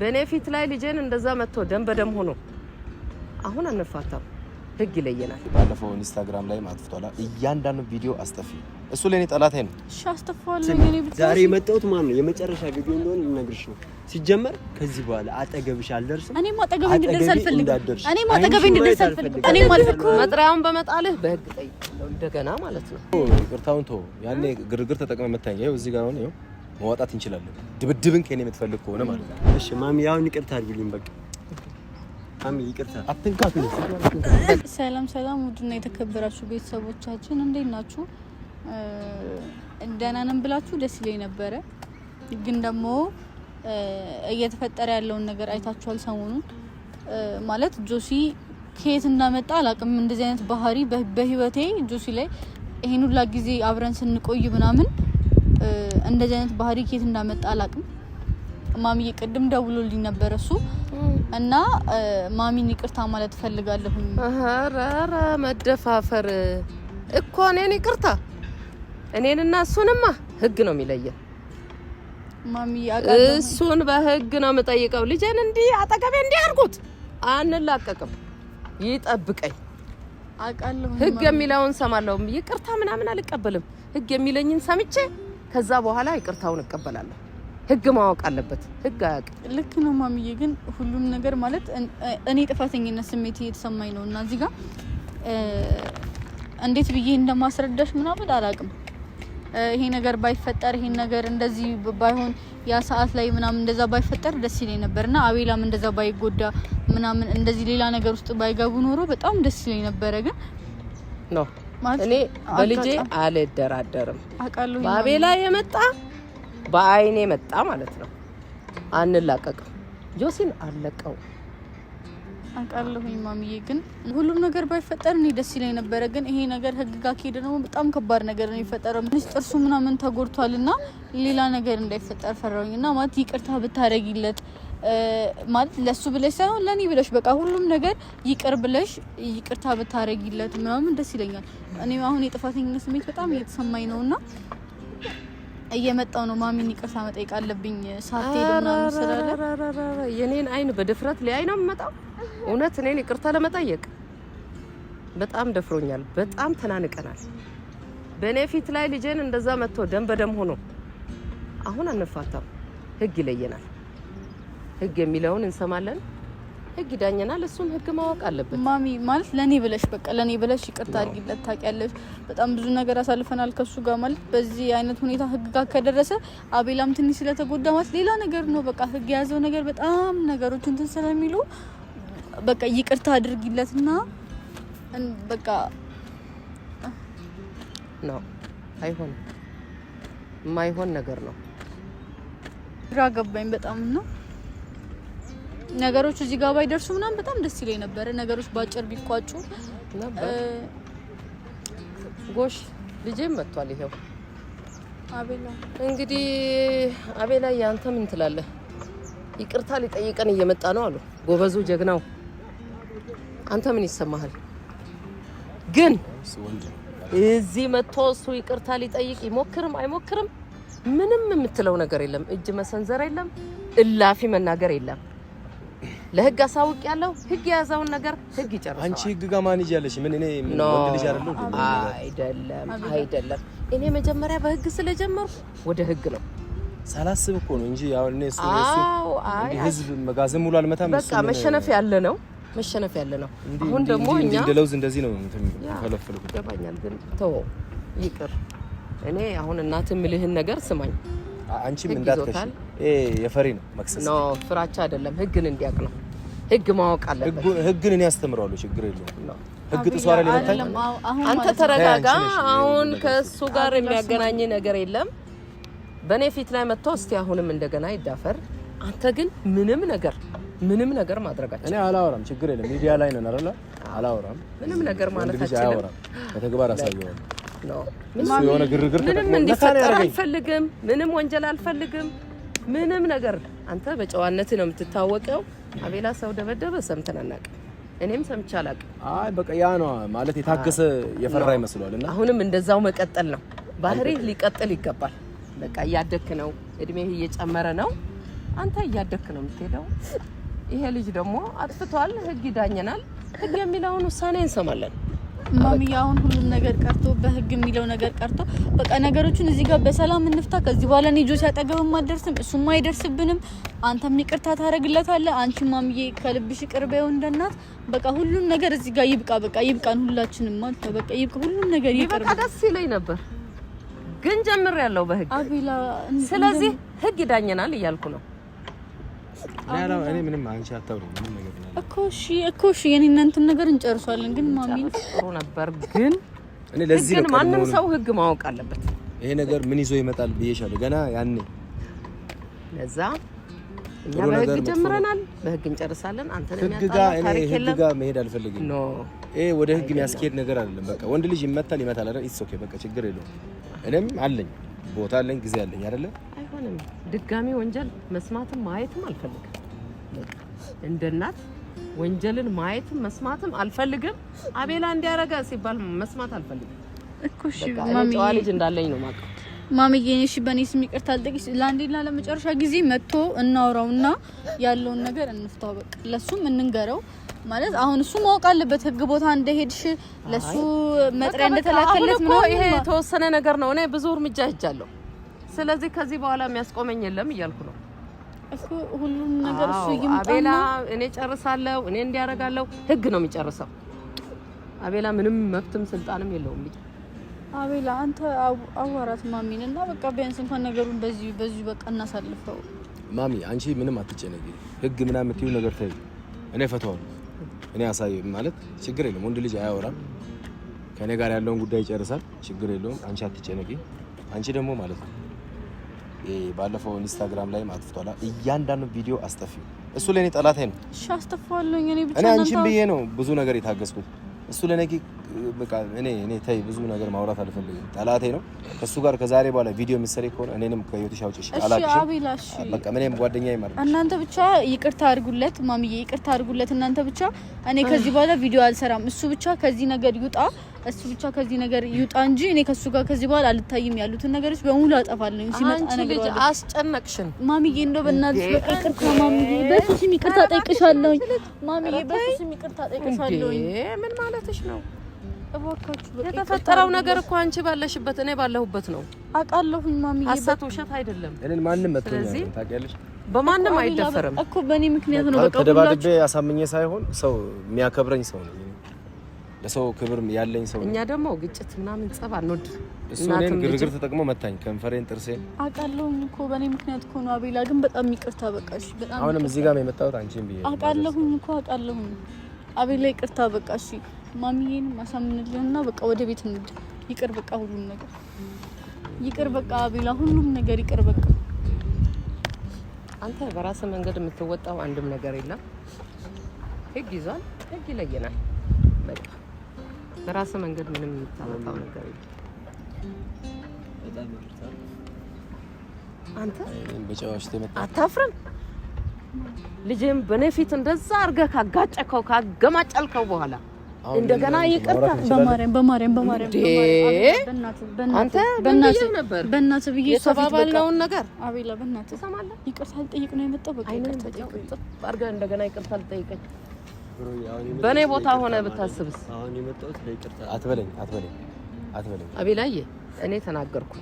በእኔ ፊት ላይ ልጄን እንደዛ መጥቶ ደም በደም ሆኖ አሁን አንፋታም፣ ህግ ይለየናል። ባለፈው ኢንስታግራም ላይ ማጥፍቷል። እያንዳንዱ ቪዲዮ አስጠፊ እሱ ለእኔ ጠላቴ ነው። እሺ አስጠፋዋለሁ። ዛሬ የመጣሁት ማን ነው የመጨረሻ ቪዲዮ እንደሆነ ልነግርሽ ነው። ሲጀመር ከዚህ በኋላ አጠገብሽ አልደርስም። እኔም አጠገብ እንድደርስ አልፈልግም። እኔም አጠገብ እንድደርስ አልፈልግም። እኔም አልፈልግም። መጥሪያውን በመጣልህ በህግ ጠይቅ እንደገና ማለት ነው። ቅርታውን ተወው። ያኔ ግርግር ተጠቅመ መታኝ። ይኸው እዚህ ጋር ነው ይኸው መወጣት እንችላለን። ድብድብን ከኔ የምትፈልግ ከሆነ ማለት ነው። እሺ ማሚ፣ ያውን ይቅርታ አድርግልኝ። በቃ ይቅርታ አትንካት። ሰላም ሰላም፣ ውድና የተከበራችሁ ቤተሰቦቻችን እንዴት ናችሁ? ደህና ነን ብላችሁ ደስ ይለኝ ነበረ፣ ግን ደግሞ እየተፈጠረ ያለውን ነገር አይታችኋል። ሰሞኑን ማለት ጆሲ ከየት እንዳመጣ አላቅም፣ እንደዚህ አይነት ባህሪ በህይወቴ ጆሲ ላይ ይሄን ሁላ ጊዜ አብረን ስንቆይ ምናምን እንደዚህ አይነት ባህሪ ኬት እንዳመጣ አላቅም። ማሚዬ ቅድም ደውሎልኝ ነበረ እሱ እና ማሚን ይቅርታ ማለት ፈልጋለሁ ኧረ መደፋፈር እኮ እኔን ይቅርታ እኔንና እሱንማ ህግ ነው የሚለየ እሱን በህግ ነው የምጠይቀው። ልጄን እንዲህ አጠገቤ እንዲህ አድርጉት አንላቀቅም፣ ይጠብቀኝ። ህግ የሚለውን ሰማለሁ። ይቅርታ ምናምን አልቀበልም። ህግ የሚለኝን ሰምቼ ከዛ በኋላ ይቅርታውን እቀበላለሁ። ህግ ማወቅ አለበት። ህግ አያውቅም። ልክ ነው ማሚዬ። ግን ሁሉም ነገር ማለት እኔ ጥፋተኝነት ስሜት እየተሰማኝ ነው እና እዚህ ጋር እንዴት ብዬ እንደማስረዳሽ ምናምን አላውቅም። ይሄ ነገር ባይፈጠር ይሄን ነገር እንደዚህ ባይሆን ያ ሰዓት ላይ ምናምን እንደዛ ባይፈጠር ደስ ይለኝ ነበር እና አቤላም እንደዛ ባይጎዳ ምናምን እንደዚህ ሌላ ነገር ውስጥ ባይገቡ ኖሮ በጣም ደስ ይለኝ ነበረ ግን ነው እኔ በልጄ አልደራደርም። ባቤ ላይ የመጣ በአይኔ መጣ ማለት ነው። አንላቀቅም። ጆሲን አለቀው አውቃለሁኝ ማሚዬ፣ ግን ሁሉም ነገር ባይፈጠር እኔ ደስ ይለኝ ነበረ። ግን ይሄ ነገር ህግ ጋር ከሄደ ደግሞ በጣም ከባድ ነገር ነው የፈጠረው። ትንሽ ጥርሱ ምናምን ተጎድቷል እና ሌላ ነገር እንዳይፈጠር ፈራሁኝ እና ማለት ይቅርታ ብታደረጊለት ማለት ለሱ ብለሽ ሳይሆን ለኔ ብለሽ በቃ ሁሉም ነገር ይቅር ብለሽ ይቅርታ ብታረጊለት ምናምን ደስ ይለኛል። እኔም አሁን የጥፋተኝነት ስሜት በጣም እየተሰማኝ ነው እና እየመጣው ነው ማሚን ይቅርታ መጠየቅ አለብኝ። ሳትሄድ የኔን አይን በድፍረት ሊያይ ነው የምመጣው። እውነት እኔን ይቅርታ ለመጠየቅ በጣም ደፍሮኛል። በጣም ተናንቀናል። በእኔ ፊት ላይ ልጄን እንደዛ መጥቶ ደም በደም ሆኖ አሁን አንፋታም፣ ህግ ይለየናል። ህግ የሚለውን እንሰማለን። ህግ ይዳኘናል። እሱን ህግ ማወቅ አለበት። ማሚ ማለት ለእኔ ብለሽ በቃ ለእኔ ብለሽ ይቅርታ አድርጊለት። ታውቂያለሽ በጣም ብዙ ነገር አሳልፈናል ከሱ ጋር ማለት በዚህ አይነት ሁኔታ ህግ ጋር ከደረሰ አቤላም ትንሽ ስለተጎዳ ማለት ሌላ ነገር ነው። በቃ ህግ የያዘው ነገር በጣም ነገሮች እንትን ስለሚሉ በቃ ይቅርታ አድርጊለት እና በቃ ነው አይሆንም። የማይሆን ነገር ነው። ግራ ገባኝ በጣም ነው ነገሮች እዚህ ጋር ባይደርሱ ምናምን በጣም ደስ ይለኝ ነበረ። ነገሮች ባጭር ቢቋጩ ጎሽ። ልጄም መጥቷል። ይሄው አቤላ እንግዲህ አቤላ፣ ያንተ ምን ትላለህ? ይቅርታ ሊጠይቀን እየመጣ ነው አሉ ጎበዙ፣ ጀግናው። አንተ ምን ይሰማሃል? ግን እዚህ መጥቶ እሱ ይቅርታ ሊጠይቅ ይሞክርም አይሞክርም ምንም የምትለው ነገር የለም። እጅ መሰንዘር የለም። እላፊ መናገር የለም። ለህግ አሳውቅ ያለው ህግ የያዘውን ነገር ህግ ይጨርሳል። አንቺ ህግ ጋር ማን ይያለሽ? ምን እኔ ምን ልጅ አይደለም። አይደለም አይደለም። እኔ መጀመሪያ በህግ ስለጀመርኩ ወደ ህግ ነው ሳላስብ እኮ ነው እንጂ አሁን እኔ እሱ እንደ ህዝብ መጋዘን ሙሉ አልመታም። በቃ መሸነፍ ያለ ነው መሸነፍ ያለ ነው። አሁን ደግሞ እኛ እንደ ለውዝ እንደዚህ ነው ተለፈልኩ። ይገባኛል። ግን ተው ይቅር። እኔ አሁን እናት የምልህን ነገር ስማኝ አንቺም እንዳትከሽ። ይሄ የፈሪ ነው መክሰስ ነው፣ ፍራቻ አይደለም። ህግን እንዲያውቅ ነው። ህግ ማወቅ አለበት። ህግን እኔ አስተምረዋለሁ፣ ችግር የለውም። ህግ ጥሶ አይደለም። አንተ ተረጋጋ። አሁን ከእሱ ጋር የሚያገናኝ ነገር የለም። በእኔ ፊት ላይ መጥቶ እስቲ አሁንም እንደገና ይዳፈር። አንተ ግን ምንም ነገር ምንም ነገር ማድረጋችን እኔ አላወራም፣ ችግር የለም። ሚዲያ ላይ ነን አይደል? አላወራም ምንም ነገር ማለት አላወራም በተግባር አሳየዋለሁ ምንም እንዲፈጠር አልፈልግም። ምንም ወንጀል አልፈልግም። ምንም ነገር አንተ በጨዋነት ነው የምትታወቀው። አቤላ ሰው ደበደበ ሰምተን አናውቅም። እኔም ሰምቼ አላውቅም። አይ በቃ ያ ነው ማለት የታገሰ የፈራ ይመስሏል። እና አሁንም እንደዛው መቀጠል ነው ባህሪህ ሊቀጥል ይገባል። በቃ እያደክ ነው፣ እድሜህ እየጨመረ ነው። አንተ እያደክ ነው የምትሄደው። ይሄ ልጅ ደግሞ አጥፍቷል። ህግ ይዳኘናል። ህግ የሚለውን ውሳኔ እንሰማለን። ማሚ አሁን ሁሉም ነገር ቀርቶ በህግ የሚለው ነገር ቀርቶ በቃ ነገሮችን እዚህ ጋር በሰላም እንፍታ። ከዚህ በኋላ እኔ ጆሲ አጠገብም አደርስም፣ እሱም አይደርስብንም። አንተም ይቅርታ ታደርግለታለህ። አንቺ ማሚዬ ከልብሽ ይቅር በይው እንደናት። በቃ ሁሉም ነገር እዚህ ጋር ይብቃ። በቃ ይብቃን፣ ሁላችንም ማለት በቃ ይብቃ፣ ሁሉም ነገር ይቅር። በቃ ደስ ይለኝ ነበር ግን ጀምሬያለሁ በህግ ስለዚህ ህግ ይዳኘናል እያልኩ ነው እኔ ምንም አንቺ አታውሪ ምንም ነገር እኮ እሺ፣ እኮ እሺ፣ የኔ እናንተን ነገር እንጨርሷለን። ግን ማሚ ጥሩ ነበር፣ ግን እኔ ለዚህ ነው ማንም ሰው ህግ ማወቅ አለበት። ይሄ ነገር ምን ይዞ ይመጣል ብዬሻለሁ ገና ያኔ። ለዛ እኛ በህግ ጀምረናል፣ በህግ እንጨርሳለን። አንተ ህግ ጋር እኔ ህግ ጋር መሄድ አልፈልግም። ኖ ይሄ ወደ ህግ የሚያስኬድ ነገር አይደለም። በቃ ወንድ ልጅ ይመታል፣ ይመታል አይደል? ኢትስ ኦኬ፣ በቃ ችግር የለውም። እኔም አለኝ ቦታ አለኝ፣ ጊዜ አለኝ አይደለ? አይሆንም። ድጋሚ ወንጀል መስማትም ማየትም አልፈልግም። እንደ እናት ወንጀልን ማየትም መስማትም አልፈልግም። አቤላ እንዲያረጋ ሲባል መስማት አልፈልግም እኮ። እሺ ማሚ፣ ጨዋ ልጅ እንዳለኝ ነው ማቀ ማሚዬ፣ እሺ በእኔ ስም ይቅርታ አልጠቂስ። ለአንዴና ለመጨረሻ ጊዜ መጥቶ እናውራውና ያለውን ነገር እንፍታው። በቃ ለሱም እንንገረው። ማለት አሁን እሱ ማወቅ አለበት ህግ ቦታ እንደሄድሽ ለሱ መጥሪያ እንደተላከለት ነው። ይሄ የተወሰነ ነገር ነው። እኔ ብዙ እርምጃ ሄጃለሁ። ስለዚህ ከዚህ በኋላ የሚያስቆመኝ የለም እያልኩ ነው እሱ ሁሉም ነገር እሱ ይምጣ። አቤላ እኔ ጨርሳለሁ፣ እኔ እንዲያረጋለሁ። ህግ ነው የሚጨርሰው። አቤላ ምንም መብትም ስልጣንም የለውም። አቤላ አንተ አዋራት ማሚን እና በቃ ቢያንስ እንኳን ነገሩን በዚህ በዚሁ በቃ እናሳልፈው። ማሚ አንቺ ምንም አትጨነቂ። ህግ ምናምን የምትይው ነገር ተይ፣ እኔ እፈታዋለሁ እኔ አሳይ ማለት ችግር የለም። ወንድ ልጅ አያወራም። ከእኔ ጋር ያለውን ጉዳይ ይጨርሳል። ችግር የለውም። አንቺ አትጨነቂ። አንቺ ደግሞ ማለት ነው ባለፈው ኢንስታግራም ላይም አጥፍቷላ። እያንዳንዱ ቪዲዮ አስጠፊ እሱ ለእኔ ጠላት ነው። እኔ እኔ አንቺን ብዬ ነው ብዙ ነገር የታገስኩት እሱ ለእኔ እኔ እኔ ተይ ብዙ ነገር ማውራት አልፈልግም። ጠላቴ ነው። ከሱ ጋር ከዛሬ በኋላ ቪዲዮ የምትሰሪ ከሆነ እኔንም ከህይወትሽ አውጪሽ። በቃ ምንም ጓደኛ ይማር። እናንተ ብቻ ይቅርታ አድርጉለት፣ ማሚዬ ይቅርታ አድርጉለት። እናንተ ብቻ እኔ ከዚህ በኋላ ቪዲዮ አልሰራም። እሱ ብቻ ከዚህ ነገር ይውጣ፣ እሱ ብቻ ከዚህ ነገር ይውጣ እንጂ እኔ ከሱ ጋር ከዚህ በኋላ አልታይም። ያሉትን ነገሮች በሙሉ አጠፋለሁ። ሲመጣ ነገር አስጨነቅሽን ማሚዬ፣ እንደው በእናትሽ በቃ ይቅርታ ማሚዬ፣ በሱስ ይቅርታ ጠይቅሻለሁ። ማሚዬ፣ በሱስ ይቅርታ ጠይቅሻለሁ። ምን ማለትሽ ነው? የተፈጠረው ነገር እኮ አንቺ ባለሽበት እኔ ባለሁበት ነው አውቃለሁ። ማሚ ሀሰት ውሸት አይደለም። እኔን ማንም መጥቶኛል ታውቂያለሽ። በማንም አይደፈርም እኮ በእኔ ምክንያት ነው። በቃ ተደባድቤ አሳምኜ ሳይሆን ሰው የሚያከብረኝ ሰው ነው ለሰው ክብር ያለኝ ሰው። እኛ ደግሞ ግጭት ምናምን ጸብ አንወድ። እሱ እኔን ግርግር ተጠቅሞ መታኝ ከንፈሬን፣ ጥርሴን አውቃለሁ እኮ በእኔ ምክንያት እኮ ነው። አቤላ ግን በጣም ይቅርታ በቃ በጣም አሁንም እዚህ ጋር የመጣሁት አንቺን ብዬ አውቃለሁ እኮ አውቃለሁ። አቤላ ይቅርታ በቃ ማሚዬን ማሳምንልንና በቃ ወደ ቤት እንድ ይቅር በቃ ሁሉም ነገር ይቅር በቃ ቢላ ሁሉም ነገር ይቅር በቃ። አንተ በራስ መንገድ የምትወጣው አንድም ነገር የለም። ህግ ይዟል፣ ህግ ይለየናል። በቃ በራስ መንገድ ምንም የምታወጣው ነገር የለም። አንተ አታፍርም? ልጅም በኔ ፊት እንደዛ አድርገህ ካጋጨከው ካገማጨልከው በኋላ እንደገና ይቅርታ በማርያም በማርያም በማርያም አንተ በእናትህ ነበር በእናትህ ብዬ የተባባልነውን ነገር አቤላ በእናትህ ትሰማለህ። ይቅርታ ልጠይቅ ነው የመጣው። በቃ አድርገህ እንደገና ይቅርታ ልጠይቀኝ በእኔ ቦታ ሆነ ብታስብስ? አሁን የመጣሁት ለይቅርታ አትበለኝ፣ አትበለኝ፣ አትበለኝ አቤላዬ። እኔ ተናገርኩ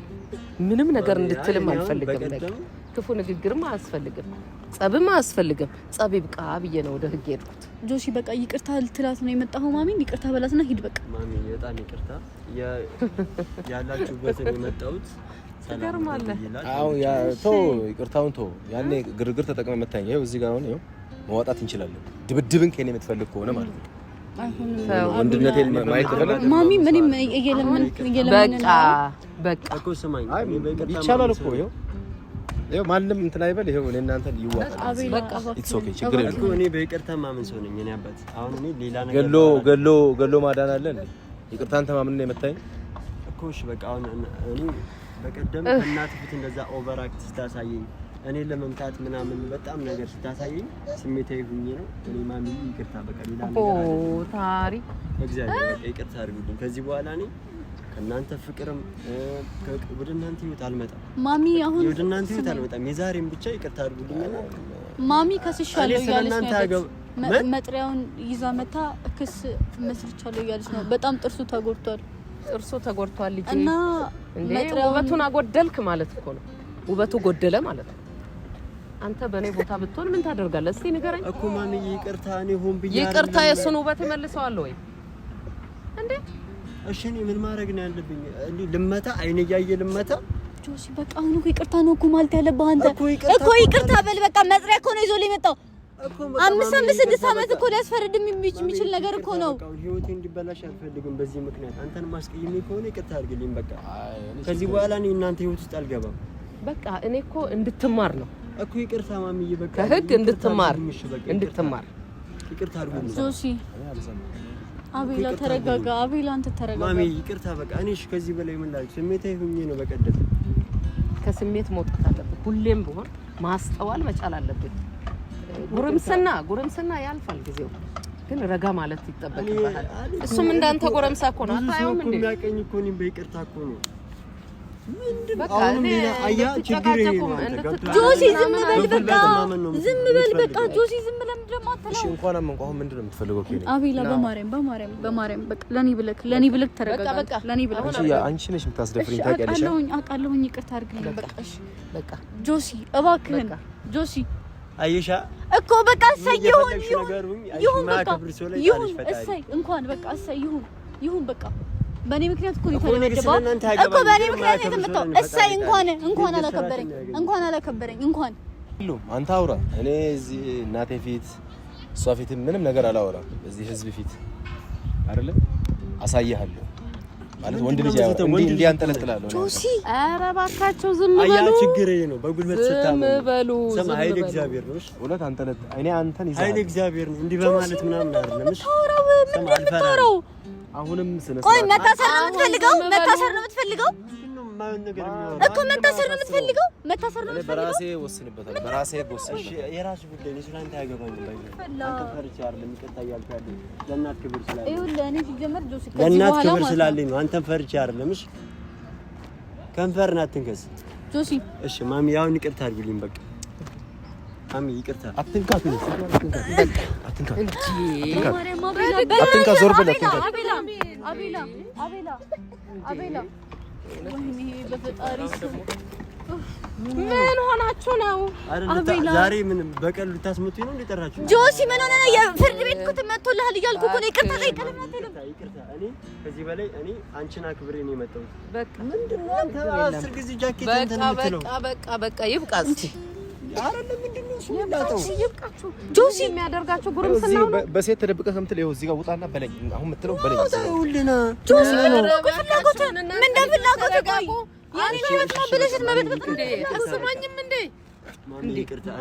ምንም ነገር እንድትልም አልፈልግም። በቃ ክፉ ንግግርም አያስፈልግም፣ ጸብም አያስፈልግም። ጸብ ይብቃ ብዬ ነው ወደ ህግ ሄድኩት። ጆሲ በቃ ይቅርታ ልትላት ነው የመጣኸው? ማሚን ይቅርታ በላትና ሂድ በቃ። ማሚ በጣም ይቅርታ ያላችሁበትን የመጣሁት ትገርማለህ። አዎ ተው፣ ይቅርታውን ቶ ያኔ ግርግር ተጠቅመ መታኝ። ይኸው እዚህ ጋር አሁን ይኸው መዋጣት እንችላለን። ድብድብን ከኔ የምትፈልግ ከሆነ ማለት ነው ወንድነቴን ማየት ተፈለገ። ማሚ ምንም እየለመን እየለመን በቃ በቃ ይቻላል እኮ ይኸው ይሄው ማንም እንትን አይበል። ይሄው እኔ እናንተ ይዋጣ ኢትስ ኦኬ፣ ችግር የለም። እኔ በይቅርታ ማምን ሰው ነኝ። እኔ አባት አሁን እኔ ሌላ ነገር ገሎ ገሎ ገሎ ማዳን አለ እንዴ? ይቅርታን ተማምን ነው የመታኝ እኮ። እሺ በቃ አሁን እኔ በቀደም እናት ፊት እንደዛ ኦቨር አክት ስታሳየኝ እኔ ለመምታት ምናምን በጣም ነገር ስታሳየኝ ስሜታዊ ሁኜ ነው። እኔ ማንም ይቅርታ በቃ ሌላ ነገር ታሪ እግዚአብሔር ይቅርታ አድርጉልኝ ከዚህ በኋላ እኔ ከእናንተ ፍቅርም ወደ እናንተ ህይወት አልመጣም። ማሚ አሁን ወደ እናንተ ህይወት አልመጣም። የዛሬም ብቻ ይቅርታ አድርጉልኝ። ማሚ ከስሻለሁ እያለች ነው መጥሪያውን ይዛ መታ ክስ መስርቻለሁ እያለች ነው። በጣም ጥርሱ ተጎድቷል። ጥርሱ ተጎድቷል ልጅ እና መጥሪያው ውበቱን አጎደልክ ማለት እኮ ነው። ውበቱ ጎደለ ማለት ነው። አንተ በእኔ ቦታ ብትሆን ምን ታደርጋለህ? እስቲ ንገረኝ እኮ ማሚ። ይቅርታ እኔ ሆን ብያለሁ። ይቅርታ የሱን ውበት መልሰዋለሁ ወይ እንዴ? እሺ እኔ ምን ማድረግ ነው ያለብኝ? እንዴ ልመታ? አይኔ እያየ ልመታ? ጆሲ በቃ አሁን እኮ ይቅርታ ነው እኮ ማለት ያለብህ አንተ እኮ ይቅርታ በል በቃ። መጥሪያ እኮ ነው ይዞ የመጣው አምስት አምስት ስድስት አመት እኮ ሊያስፈርድ የሚችል ነገር እኮ ነው። ህይወቴ እንዲበላሽ አልፈልግም በዚህ ምክንያት። አንተን ማስቀየሜ ከሆነ ይቅርታ አድርግልኝ በቃ። ከዚህ በኋላ እኔ እናንተ ህይወት ውስጥ አልገባም። በቃ እኔ እኮ እንድትማር ነው እኮ ይቅርታ ማሚዬ፣ በቃ ከህግ እንድትማር እንድትማር ይቅርታ አድርጉልኝ ጆሲ አቤላ ተረጋጋ። አቤላ አንተ ተረጋጋ። ማሚ ይቅርታ በቃ እኔ ከዚህ በላይ ምን ላድርግ? ስሜታዊ ሆኜ ነው። በቀደም ከስሜት መውጣት አለብን። ሁሌም ቢሆን ማስተዋል መቻል አለብን። ጉርምስና ጉርምስና ያልፋል፣ ጊዜው ግን ረጋ ማለት ይጠበቅበታል። እሱም እንዳንተ ጎረምሳ እኮ ነው። አታየውም እንዴ? የሚያቀኝ እኮ እኔም በይቅርታ እኮ ነው ጆሲ ዝም በል በቃ ዝም በል በቃ ጆሲ ዝም ብለህ ምንድን ነው የማትለው? እሺ እንኳን አመንኩ። አሁን ምንድን ነው የምትፈልገው? አቤላ በማርያም በማርያም በማርያም በቃ ለእኔ ብለህ ለእኔ ብለህ ተረጋጋ። ለእኔ ብለህ አንቺ ነሽ የምታስደፍሪኝ። ታውቂያለሽ። አውቃለሁኝ። ይቅርታ አድርግልኝ። በቃ እሺ በቃ ጆሲ እባክህን ጆሲ አየሻ እኮ በቃ እሰይ ይሁን ይሁን ይሁን በቃ ይሁን እሰይ እንኳን በቃ እሰይ ይሁን ይሁን በቃ በእኔ ምክንያት እኮ የተደበደበው እኮ በእኔ ምክንያት የተመታው። እሰይ እንኳን እንኳን አላከበረኝ እንኳን አላከበረኝ እንኳን ሁሉም አንተ አውራ። እኔ እዚህ እናቴ ፊት እሷ ፊት ምንም ነገር አላወራም። እዚህ ህዝብ ፊት አይደለ አሳያለሁ ማለት ወንድ ልጅ ያው እንዲህ እንዲህ አንጠለጥላለሁ። ጆሲ ኧረ እባካቸው ዝም በሉ። አያ ችግር ይሄ ነው። በጉልበት ዝም በሉ። ስም ኃይል እግዚአብሔር ነው። እሺ ሁለት አንጠለጥ እኔ አንተን ይዛ ኃይል እግዚአብሔር ነው። እንዲህ በማለት ምናምን አይደለም። እሺ ተወራው ምን ልታወራው አሁንም ስለ ቆይ መታሰር ነው የምትፈልገው? መታሰር ነው የምትፈልገው እኮ መታሰር ነው የምትፈልገው? መታሰር ነው የምትፈልገው? በራሴ ወስንበታል። በራሴ ወስን። እሺ፣ የራስሽ ጉዳይ ነው። ስለአንተ ያገባኝ ባይ አንተ ፈርቼ አይደለም ይቅርታ እያልኩ ለእናት ክብር ስላለኝ ይሁን ለእኔ ሲጀመር ጆስ ከዚህ በኋላ ለእናት ክብር ስላለኝ ነው። አንተም ፈርቼ አይደለም። እሺ፣ ከንፈርን አትንከስ ጆሲ። እሺ ማሚ፣ ያውን ይቅርታ አድርግልኝ። በቃ ማሚ ይቅርታ አትንካት ነው አትንካ፣ ዞር በል ምን ሆናችሁ ነው? ዛሬ ምን በቀል ልታስመጡ ነው? እንደጠራችሁ ጆሲ፣ ምን ሆነ የፍርድ ቤት እኮ መጥቶልሃል እያልኩ እኮ ነው። ይቅርታ ከዚህ በላይ እኔ አንቺን አክብሬ ነው የመጣሁት። በቃ ምንድን ነው? አስር ጊዜ ጃኬት እንትን የምትለው በቃ በቃ በቃ ይብቃ እስኪ ጆሲ የሚያደርጋቸው ጉርምስና በሴት ተደብቀ ከምትል ይኸው እዚህ ጋር ውጣና በለኝ። አሁን የምትለው በለኝ ጆሲ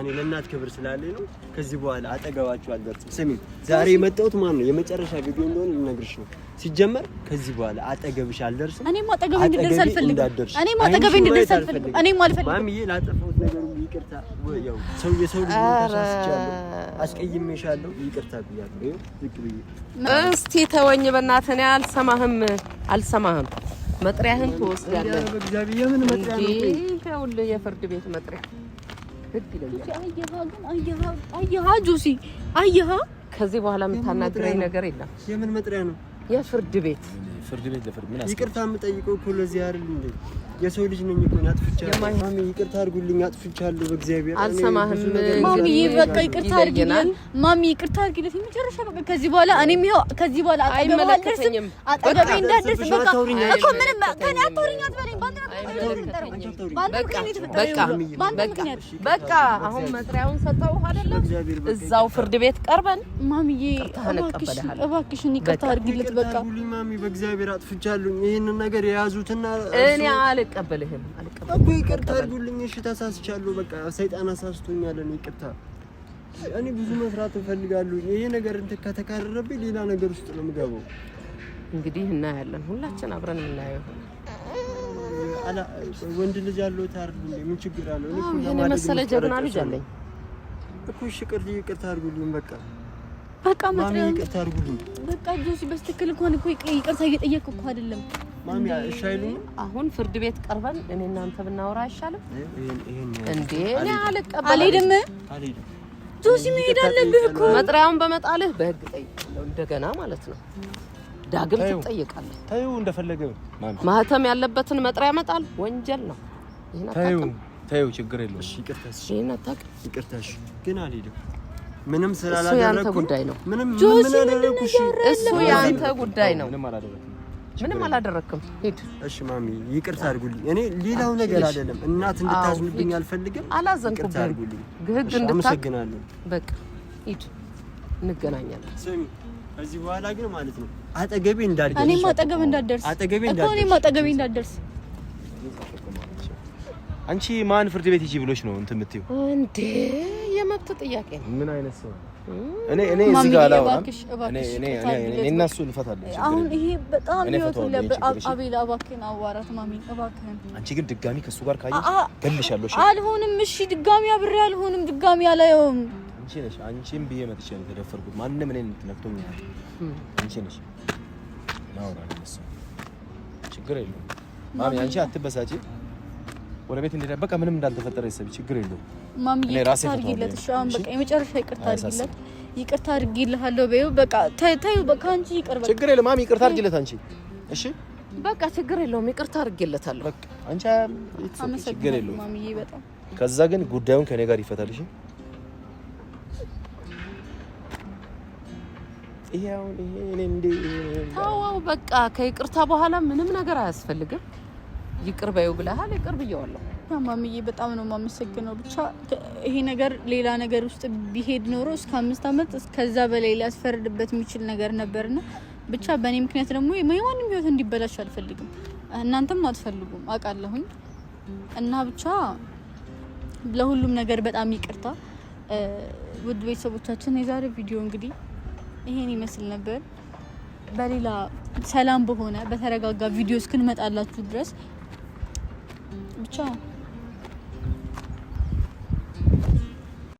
እኔ ለእናት ክብር ስላለኝ ነው። ከዚህ በኋላ አጠገባችሁ አልደርስም። ስሚ፣ ዛሬ የመጣሁት ማነው የመጨረሻ ቪዲዮ እንደሆነ ልነግርሽ ነው። ሲጀመር ከዚህ በኋላ አጠገብሽ አልደርስም። እኔም አጠገቤ እንድደርስ አልፈልግም። እኔም አጠገቤ እንድደርስ አልፈልግም። እኔም አልፈልግም። ማሚዬ ላጠፋሁት ነገር ይቅርታ ያው ሰው የሰው ልጅ ተሳስቻለሁ፣ አስቀይሜሻለሁ፣ ይቅርታ ብያለሁ። እስቲ ተወኝ በእናትህ። እኔ አልሰማህም፣ አልሰማህም። መጥሪያህን ትወስዳለህ። የፍርድ ቤት መጥሪያ ህግ አየሃ። ከዚህ በኋላ የምታናግረኝ ነገር የለም። የምን መጥሪያ ነው? የፍርድ ቤት ፍርድ ቤት ለፍርድ ምን ይቅርታ የምጠይቀው እኮ ለዚህ አይደል እንዴ? የሰው ልጅ ነኝ እኮ አጥፍቻለሁ። ማሚ ይቅርታ አድርጉልኝ፣ አጥፍቻለሁ። በእግዚአብሔር አልሰማህም። ማሚ በቃ ይቅርታ አድርጊልኝ። ማሚ ይቅርታ አድርጊልኝ። የመጨረሻ በቃ ከዚህ በኋላ እኔም ይኸው ከዚህ በኋላ አይመለከተኝም። አጠገቤ እንዳትደርስ በቃ እኮ ምንም ከኔ አታውሪኝ፣ አትበለኝ። በቃ አሁን መስሪያውን ሰጠው አይደለም? እዛው ፍርድ ቤት ቀርበን ማሚዬ፣ እባክሽን ይቅርታ አድርጊልኝ በቃ እግዚአብሔር አጥፍቻለሁኝ። ይህንን ነገር የያዙትና እኔ አልቀበልህም። አልቀበልህም እኮ ይቅርታ አድርጉልኝ። እሺ ተሳስቻለሁ። በቃ ሰይጣን አሳስቶኛል። እኔ ይቅርታ እኔ ብዙ መስራት እፈልጋለሁ። ይሄ ነገር እንትን ከተካረረብኝ ሌላ ነገር ውስጥ ነው የምገባው። እንግዲህ እናያለን፣ ሁላችን አብረን የምናየው ወንድ ልጅ አለው ታርዱ። ምን ችግር አለው? እኔ መሰለ ጀግና ልጅ አለኝ እኮ። እሺ ይቅርታ አድርጉልኝ በቃ በቃ ማሚ ይቅርታ አድርጉልኝ። በቃ ጆሲ በስትክክል እንኳን እኮ ይቅርታ እየጠየቅ እኮ አይደለም ማሚ። እሺ አሁን ፍርድ ቤት ቀርበን እኔ እናንተ ብናወራ አይሻልም እንዴ? እኔ አልቀበል ጆሲ መሄድ አለብህ እኮ መጥሪያውን በመጣልህ በህግ ጠይቃለሁ እንደገና ማለት ነው። ዳግም ትጠይቃለህ። ተይው እንደፈለገ ማህተም ያለበትን መጥሪያ መጣል ወንጀል ነው። ይሄን ተይው ችግር የለውም። ይቅርታ ግን አልሄድም ምንም ስላላደረኩ ያንተ ጉዳይ ነው። ምንም እሱ ያንተ ጉዳይ ነው። ምንም ምንም አላደረኩም። ሂድ። እሺ ማሚ ይቅርታ አድርጉልኝ። እኔ ሌላው ነገር አይደለም፣ እናት እንድታዝኑብኝ አልፈልግም። አድርጉልኝ። ህግ እንድታመሰግናለሁ። በቃ ሂድ፣ እንገናኛለን። ስሚ፣ ከዚህ በኋላ ግን ማለት ነው አጠገቤ እንዳደርስ እኔም አጠገቤ እንዳትደርስ፣ አጠገቤ እንዳደርስ አንቺ ማን ፍርድ ቤት ሂጂ ብሎች ነው እንትን የምትይው እንዴ? የመብት ጥያቄ ነው። ምን አይነት ሰው እኔ እኔ እዚህ ጋር እባክሽ፣ እኔ እኔ እኔ እና እሱ እንፈታለን። አሁን ይሄ በጣም ይወት አቤላ፣ እባክህን አዋራት ማሚ፣ እባክህን። አንቺ ግን ድጋሚ ከሱ ጋር ካየ ገልሻለሁ። አልሆንም። እሺ፣ ድጋሚ አብሬ አልሆንም። ድጋሚ አላየውም። አንቺ ነሽ። አንቺም ብዬ መጥቼ ነው የተደፈርኩት። ማንም እኔን ትነክቶኝ አንቺ ነሽ። ችግር የለውም ማሚ፣ አንቺ አትበሳጪ። ወደ ቤት እንደሄደ በቃ ምንም እንዳልተፈጠረ ይሰብ ችግር የለው። ማምዬ ይቅርታ አድርጊለት። እሺ አሁን በቃ የመጨረሻ ይቅርታ አድርጊለት። ይቅርታ አድርጊልሃለሁ በይው። በቃ ተይው። በቃ አንቺ ይቅር በቃ ችግር የለውም። ማሚ ይቅርታ አድርጊለት አንቺ። እሺ በቃ ችግር የለውም። ይቅርታ አድርጊለታለሁ። በቃ አንቺ ችግር የለውም ማሚዬ። በጣም ከዛ ግን ጉዳዩን ከኔ ጋር ይፈታል። እሺ ይሄው ይሄ እኔ እንዴ ታው በቃ ከይቅርታ በኋላ ምንም ነገር አያስፈልግም። ይቅር በዩ ብለሃል፣ ይቅር ብየዋለሁ። ማምዬ በጣም ነው የማመሰግነው። ብቻ ይሄ ነገር ሌላ ነገር ውስጥ ቢሄድ ኖሮ እስከ አምስት አመት ከዛ በላይ ሊያስፈርድበት የሚችል ነገር ነበርና ብቻ በእኔ ምክንያት ደግሞ የማንም ህይወት እንዲበላሽ አልፈልግም። እናንተም አትፈልጉም አውቃለሁኝ። እና ብቻ ለሁሉም ነገር በጣም ይቅርታ። ውድ ቤተሰቦቻችን የዛሬ ቪዲዮ እንግዲህ ይሄን ይመስል ነበር። በሌላ ሰላም በሆነ በተረጋጋ ቪዲዮ እስክንመጣላችሁ ድረስ 不转？